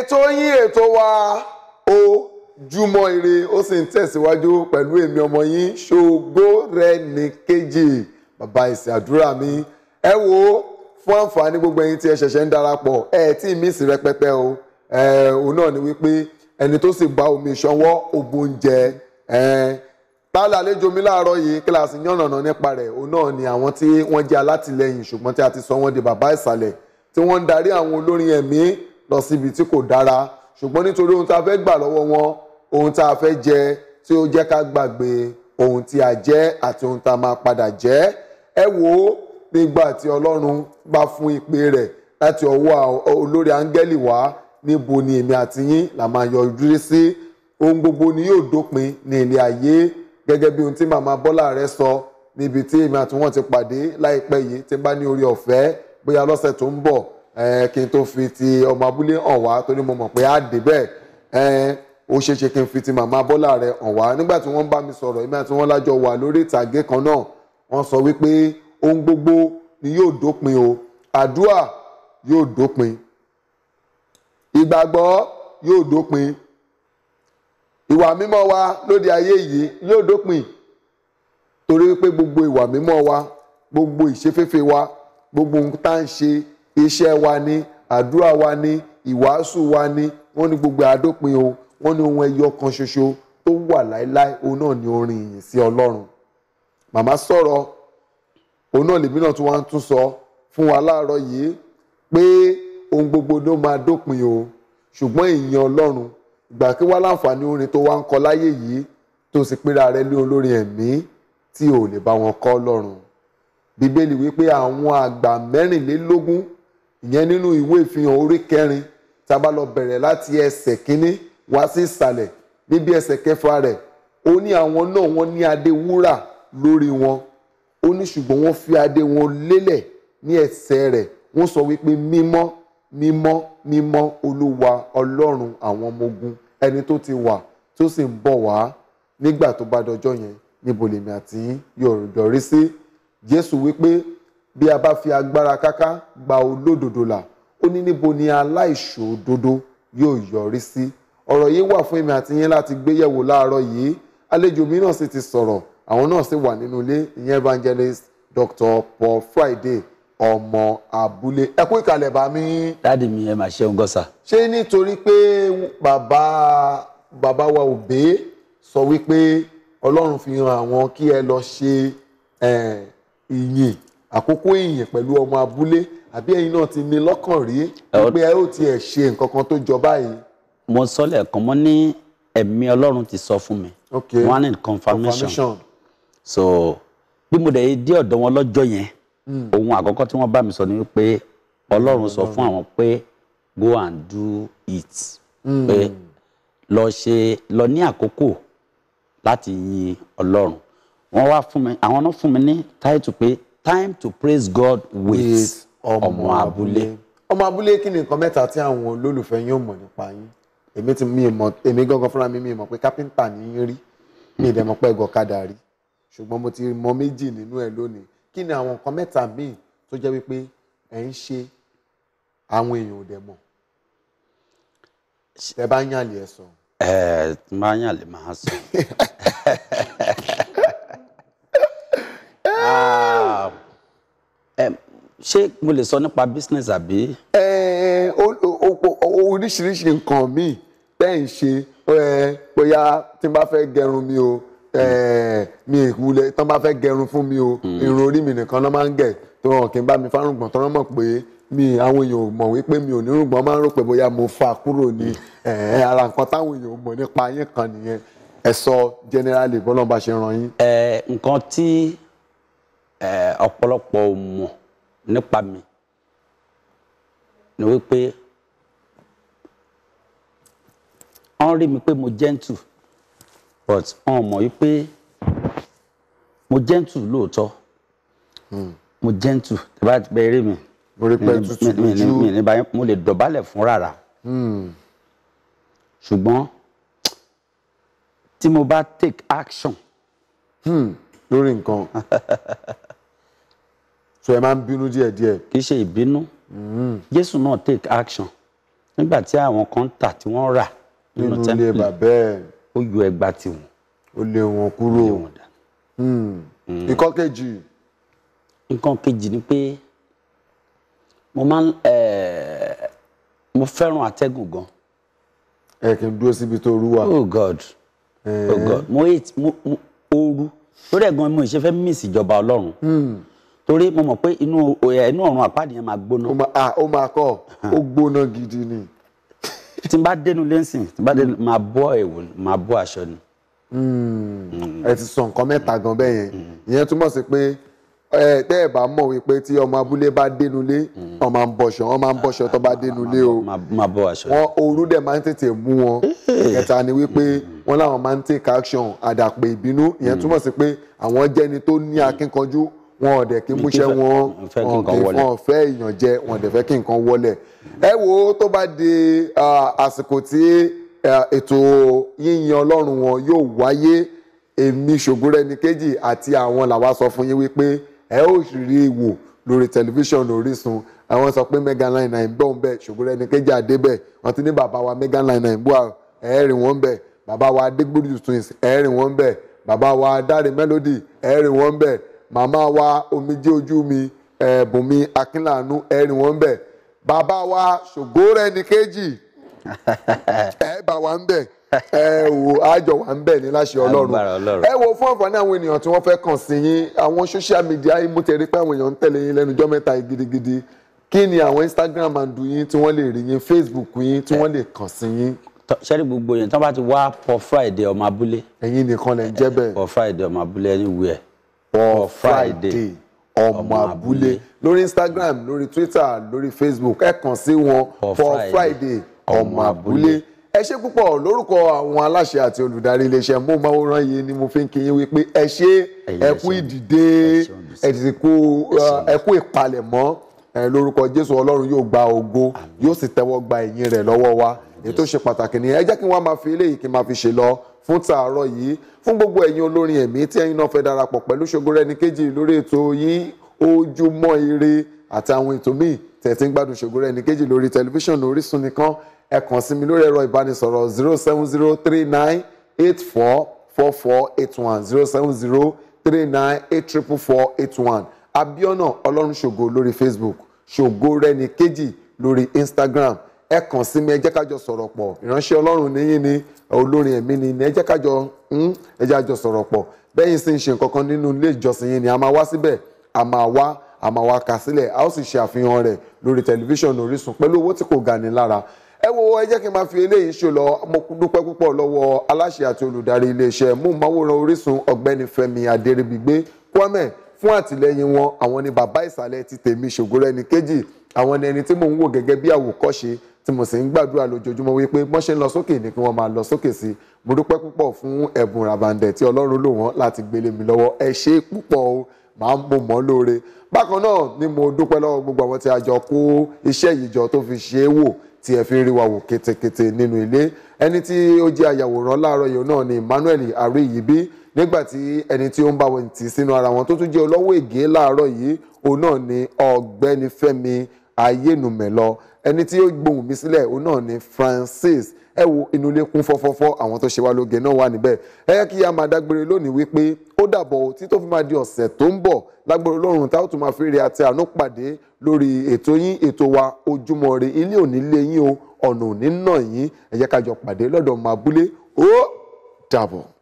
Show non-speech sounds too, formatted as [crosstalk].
ètò yín ètò wa Ojúmọ́ Ire ó sì ń tẹ̀síwájú pẹ̀lú èmi ọmọ yín Ṣògórẹ̀níkejì bàbá ìsìn àdúrà mi ẹ wo fún àǹfààní gbogbo ẹ̀yin tí ẹ ṣẹ̀ṣẹ̀ ń darapọ̀ ẹ tí mí sí rẹpẹpẹ o òun náà ni wípé ẹni tó sì gba omi ìṣanwọ́ ògùn oúnjẹ tálà àlejò mi láàárọ̀ yìí kíláàsì yànnàná nípa rẹ̀ òun náà ni àwọn tí wọ́n jẹ́ alátìlẹyìn ṣùgbọ́n tí a ti sọ wọ́n di bàbá ìsàlẹ̀ tí wọ́n ń darí àwọn olórin ẹ̀mí lọ síbi tí kò dára ṣùgbọ́n nítorí ohun tá a fẹ́ gbà lọ́wọ́ wọn ohun tá a fẹ́ jẹ tí ó jẹ́ ká gbàgbé ohun tí a jẹ́ àti ohun tá a máa padà jẹ́ ẹ wò ó nígbà tí ọlọ́run bá fún ìpè rẹ̀ láti ọwọ́ olórí áńgẹ́lì wá níbo ni èmi àti yín là máa yọjú sí ohun gbogbo ni yóò dópin ní ilé ayé gẹ́gẹ́ bí ohun tí màmá bọ́lá rẹ̀ sọ níbi tí èmi àti wọn ti pàdé láìpẹ́ yìí tí bá ní orí ọ̀fẹ́ bóyá lọ́sẹ̀ tó ń bọ̀ kí n tó fi ti ọmọ abúlé hàn wá torí mo mọ̀ pé á dé bẹ́ẹ̀ ó ṣeé ṣe kí n fi ti màmá bọ́là rẹ̀ hàn wá nígbà tí wọ́n bá mi sọ̀rọ̀ ìgbà tí wọ́n lájọ wà lórí ìtàgé kan náà wọ́n sọ wípé ohun gbogbo ni yóò dópin o àdúà yóò dópin ìgbàgbọ́ yóò dópin ìwà mímọ́ wa lóde ayé yìí yóò dópin torí pé gbogbo ìwà mímọ́ wa gbogbo ìṣeféfé wa gbogbo ohun tá à ń ṣe iṣẹ́ wa ni àdúrà wa ni ìwàásù wa ni wọ́n ní gbogbo àdópin o wọ́n ní ohun ẹyọ kan ṣoṣo tó wà láéláé òun náà ni orin ìyìn sí ọlọ́run màmá sọ̀rọ̀ òun náà lèmi náà tún wá ń tún sọ fún wa láàárọ̀ yìí pé ohun gbogbo ló máa dópin o ṣùgbọ́n ìyìn ọlọ́run ìgbà kí wá láǹfààní orin tó wá ń kọ láyé yìí tó sì pera rẹ lé olórin ẹ̀mí tí ò lè bá wọn kọ lọ́run bíbélì wípé àwọn àgbà mẹ́rìnlélógún ìyẹn nínú ìwé ìfihàn orí kẹrin tá a bá lọ bẹ̀rẹ̀ láti ẹsẹ̀ kínní wá sí ìsàlẹ̀ níbi ẹsẹ̀ kẹfà rẹ̀ ó ní àwọn náà wọ́n ní adé wúrà lórí wọn ó ní ṣùgbọ́n wọ́n fi adé wọn lélẹ̀ ní ẹsẹ̀ rẹ̀ wọ́n sọ wípé mímọ́ mímọ́ mímọ́ olúwa ọlọ́run àwọn ọmọ ogun ẹni tó ti wà tó sì ń bọ̀ wá nígbà tó bá dọjọ́ yẹn níbo lèmi àti yóò sí jésù wípé bí a bá fi agbára káká gba olódodo là ó ní níbo ni aláìṣòdodo yóò yọrí sí ọ̀rọ̀ yìí wà fún èmi àti yín láti gbéyẹ̀wò láàárọ̀ yìí àlejò mi sì ti sọ̀rọ̀ àwọn náà sì wà nínú ilé ìyẹn evangelist Dr. Paul Friday ọmọ abúlé ẹ kú ìkàlẹ̀ bá mi. dáàdi mi ẹ máa ṣe ń gọ́sà. ṣé nítorí pé bàbá bàbá wa òbé sọ wípé ọlọ́run fi hàn àwọn kí ẹ lọ ṣe ìyìn àkókò èèyàn pẹ̀lú ọmọ abúlé àbí ẹ̀yin náà ti ní lọ́kàn rí pé ẹ ó tiẹ̀ ṣe nǹkan kan tó jọ báyìí. mo sọ lẹ́ẹ̀kan mo ní ẹ̀mí ọlọ́run ti sọ fún mi okay one in confirmation, so bí mo dẹ̀ dé ọ̀dọ̀ wọn lọ́jọ́ yẹn hmm. ohun àkọ́kọ́ tí wọ́n bá mi sọ ni wípé ọlọ́run sọ fún àwọn pé go and do it hmm. pé lọ ṣe lọ ní àkókò láti yin ọlọ́run wọ́n wá fún mi àwọn náà fún mi ní táìtù pé time to praise God with ọmọ abúlé. ọmọ abúlé kí ni nǹkan mẹ́ta tí àwọn olólùfẹ́ yín ò mọ̀ nípa yín èmi ti mi mọ̀ èmi gangan fúnra mi mi mọ̀ pé kápẹ́ńtà ni yín rí mi ìdẹ̀mọ̀ pẹ́ gọ̀kadà rí ṣùgbọ́n mo ti mọ méjì nínú ẹ̀ lónìí kí ni àwọn nǹkan mẹ́ta míì tó jẹ́ wípé ẹ̀ ń ṣe àwọn èèyàn ò ẹ bá ń yànlẹ̀ ẹ̀ sọ. ẹ máa ń yànlẹ̀ máa sọ. [laughs] ṣé mo lè sọ nípa business àbí. ẹ oríṣiríṣi nǹkan míì tẹ́ ń ṣe bóyá tí n bá fẹ́ gẹrun mi o mi ìwulẹ̀ tí wọ́n bá fẹ́ gẹrun fún mi o hmm. irun orí mi nìkan ló máa ń gẹ̀ tó hàn kí n bá mi fárùngbọ̀n tó rán mọ̀ pé mi àwọn èèyàn ò mọ̀ wípé mi ò ní rùngbọ̀n máa ń rò pé bóyá mo fa kúrò ní ara nǹkan táwọn èèyàn ò mọ̀ nípa yín kan nìyẹn ẹ sọ generally bọ́lọ́ba ṣe ràn yín. nǹkan tí ọ̀pọ̀lọpọ̀ ò mọ̀ nípa mi ni wípé wọ́n rí mi pé mo gentle but wọ́n mọ̀ wípé mo gentle lóòótọ́ hmm. mo gentle tí bá ti bẹ̀rẹ̀ mi mi ní báyìí mo lè dọ̀bálẹ̀ fún rárá hmm. ṣùgbọ́n tí mo bá take action. Hmm. lórí nǹkan [laughs] so ẹ máa ń bínú díẹ̀ díẹ̀. kì í ṣe ìbínú jésù náà take action nígbà tí àwọn kan tà tí wọ́n rà nínú tẹ́ḿpìlì ó yọ ẹgbàá tiwọn. ó lé wọn kúrò hmm. Hmm. nǹkan kejì. nǹkan kejì ni pé mo máa ń mo fẹ́ràn atẹ́gùn gan. ẹ kì í dúró síbi tó rú wa. oh god eh. oh god mo hate mo ooru lórí ẹ̀gbọ́n mi ò ṣe fẹ́ miss ìjọba ọlọ́run. Hmm torí mo mọ̀ pé inú inú ọ̀run àpáàdì yẹn máa gbóná. ó máa ah, kọ́ ó gbóná gidi ni. tí n bá dénú lẹ́sìn tí n bá dénú máa bọ́ ẹ̀wò máa bọ́ aṣọ ni. Hmm. ẹ ti sọ nǹkan hmm. mẹ́ta gan bẹ́ẹ̀ yẹn hmm. ìyẹn túmọ̀ sí pé tẹ́ ẹ̀ bá mọ̀ wípé tí ọmọ abúlé bá dénú lé wọ́n máa ń bọ̀ṣọ wọ́n máa ń bọ̀ṣọ tó bá dénú lé o wọ́n ooru dẹ̀ máa ń tètè mú wọn eh. ìkẹta ni wípé wọ́n láwọn máa ń take action àdàpè ìbínú ìyẹn túmọ̀ sí pé àwọn jẹ́ni tó ní akínkanjú wọn ò dẹ̀ kí múṣẹ́ wọn wọn kì í fún ọ̀fẹ́ ìyànjẹ wọn ò dẹ̀ fẹ́ kí nǹkan wọlẹ̀ ẹ wo tó bá di àsìkò tí ètò yíyan ọlọ́run wọn yóò wáyé èmi Ṣògorẹ́níkejì àti àwọn làwa sọ fún yín wípé ẹ ó rí i wò lórí tẹlifíṣàn Orísun àwọn sọ pé mega nine nine bọ̀ ń bẹ̀ Ṣògorẹ́níkejì àdébẹ̀ wọn ti ní bàbá wa mega nine nine bọ̀ ẹ̀ẹ́rìn wọn bẹ̀ bàbá wa adégbòdì twins ẹ̀ẹ́rìn wọn bẹ̀ bàbá wa dáre melody ẹ̀ẹ́rìn wọn bẹ̀ màmá wa omijé ojú mi ẹ̀bùnmi akínlànú ẹ̀rìn wọn bẹ̀ bàbá wa ṣògóòrè ní kejì [laughs] ẹ bá wa ń bẹ̀ ẹ wò àjọ wa ń bẹ̀ ní láṣẹ ọlọ́run ẹ wo fún àǹfààní àwọn ènìyàn tí wọ́n fẹ́ kàn sí yín àwọn social media yín mo tẹ̀rí pé àwọn èèyàn ń tẹ̀lé yín lẹ́nu jọ́ mẹ́ta gidigidi kí ni àwọn instagram and yín tí wọ́n lè rí yín facebook yín tí wọ́n lè kàn sí yín. sẹ́rí gbogbo yẹn tí wọ́n bá ti wá pọ̀ friday ọmọ abúlé. ẹ̀yin nìkan lè jẹ́ bẹ́ẹ̀. pọ̀ friday ọmọ abúlé anywhere for friday ọmọ abúlé lórí instagram lórí twitter lórí facebook ẹ kàn sí wọn for friday ọmọ abúlé ẹ ṣe púpọ̀ lórúkọ àwọn aláṣẹ àti olùdarí iléeṣẹ́ móhùnmáwòrán yìí ni mo fi ń kí yín wípé ẹ ṣe ẹ kú ìdìde ẹ kú ìpalẹ̀mọ́ lórúkọ jésù ọlọ́run yóò gba ògo yóò sì tẹ́wọ́ gba ìyìn rẹ̀ lọ́wọ́ wa èyí tó ṣe pàtàkì nìyẹn ẹ jẹ́ kí wọ́n máa fi eléyìí kí n máa fi ṣe lọ fún tààrọ̀ yìí fún gbogbo ẹ̀yin olórin ẹ̀mí tí ẹ̀yin náà fẹ́ darapọ̀ pẹ̀lú Ṣògorẹ́níkejì lórí ètò yìí Ojúmọ́ Ire àtàwọn ètò míì tẹ̀tí ń gbádùn Ṣògorẹ́níkejì lórí tẹlifíṣàn Orísun nìkan ẹ kàn sí mi lórí ẹ̀rọ ìbánisọ̀rọ̀ zero seven zero three nine eight four four four eight one zero seven zero three nine eight triple four eight one Abiona Ọlọ́runṣògo lórí Facebook Ṣògorẹ́níkejì lórí Instagram ẹ kàn sí mi ẹ jẹ́ kájọ sọ̀rọ̀ pọ̀ ìránṣẹ́ ọlọ́run níyìn ni olórin ẹ̀mí ni ẹ jẹ́ kájọ ẹ jẹ́ àjọ sọ̀rọ̀ pọ̀ bẹ́yìn sì ń ṣe nǹkan kan nínú ilé ìjọsìn yìí ni a máa wá síbẹ̀ a máa wá a máa wá kà sílẹ̀ a ó sì ṣe àfihàn rẹ̀ lórí tẹlifíṣàn Orísun pẹ̀lú owó tí kò ga ni lára ẹ wo ẹ jẹ́ kí n máa fi eléyìí ṣe lọ mo dúpẹ́ púpọ̀ lọ́wọ́ aláṣẹ àti olùdarí iléeṣẹ́ múmáwòrán Orísun ọ̀gbẹ́ni Fẹ́mi Adéríbigbé Kwame fún àtìlẹ́yìn wọn àwọn ni bàbá ìsàlẹ̀ ti tèmi ṣògòrò ẹnì kejì àwọn ẹni tí mò ń wò gẹ́gẹ́ bí àwòkọ́ṣe tí mo sì ń gbàdúrà lójoojúmọ́ wípé wọ́n ṣe ń lọ sókè ni kí wọ́n máa lọ sókè sí mo dúpẹ́ púpọ̀ fún ẹ̀bùn ràbàǹdẹ̀ tí ọlọ́run lò wọ́n láti gbélé mi lọ́wọ́ ẹ ṣé púpọ̀ o màá mo mọ́ lóore bákan náà ni mo dúpẹ́ lọ́wọ́ gbogbo àwọn tí a jọ kó iṣẹ́ yìí jọ tó fi ṣe é wò tí ẹ fi ń rí wa wò kétékété nínú ilé ẹni tí ó jẹ́ ayàwòrán láàárọ̀ yìí náà ni Emmanuel Ariyibi nígbà tí ẹni tí ó ń bá wọn tì sínú ara wọn tó tún jẹ́ olówó ègé láàárọ̀ yìí òun náà ni ọ̀gbẹ́ni Fẹ́mi ayénumẹ̀lọ ẹni tí ó gbohùn mi sílẹ̀ òun náà ni Francis ẹ wo inú ilé kún fọ́fọ́fọ́ àwọn tó ṣe wá lóge náà wà níbẹ̀ ẹ yẹ kí a máa dágbére lónìí wípé ó dàbọ̀ tí tó fi máa di ọ̀sẹ̀ tó ń bọ̀ lágbára Ọlọ́run táwọn tó máa fi rí àti àánú pàdé lórí ètò yín ètò wa Ojúmọ́ Ire ilé òní lé yín o ọ̀nà òní náà yín ẹ yẹ ká jọ pàdé lọ́dọ̀ máa ó dàbọ̀.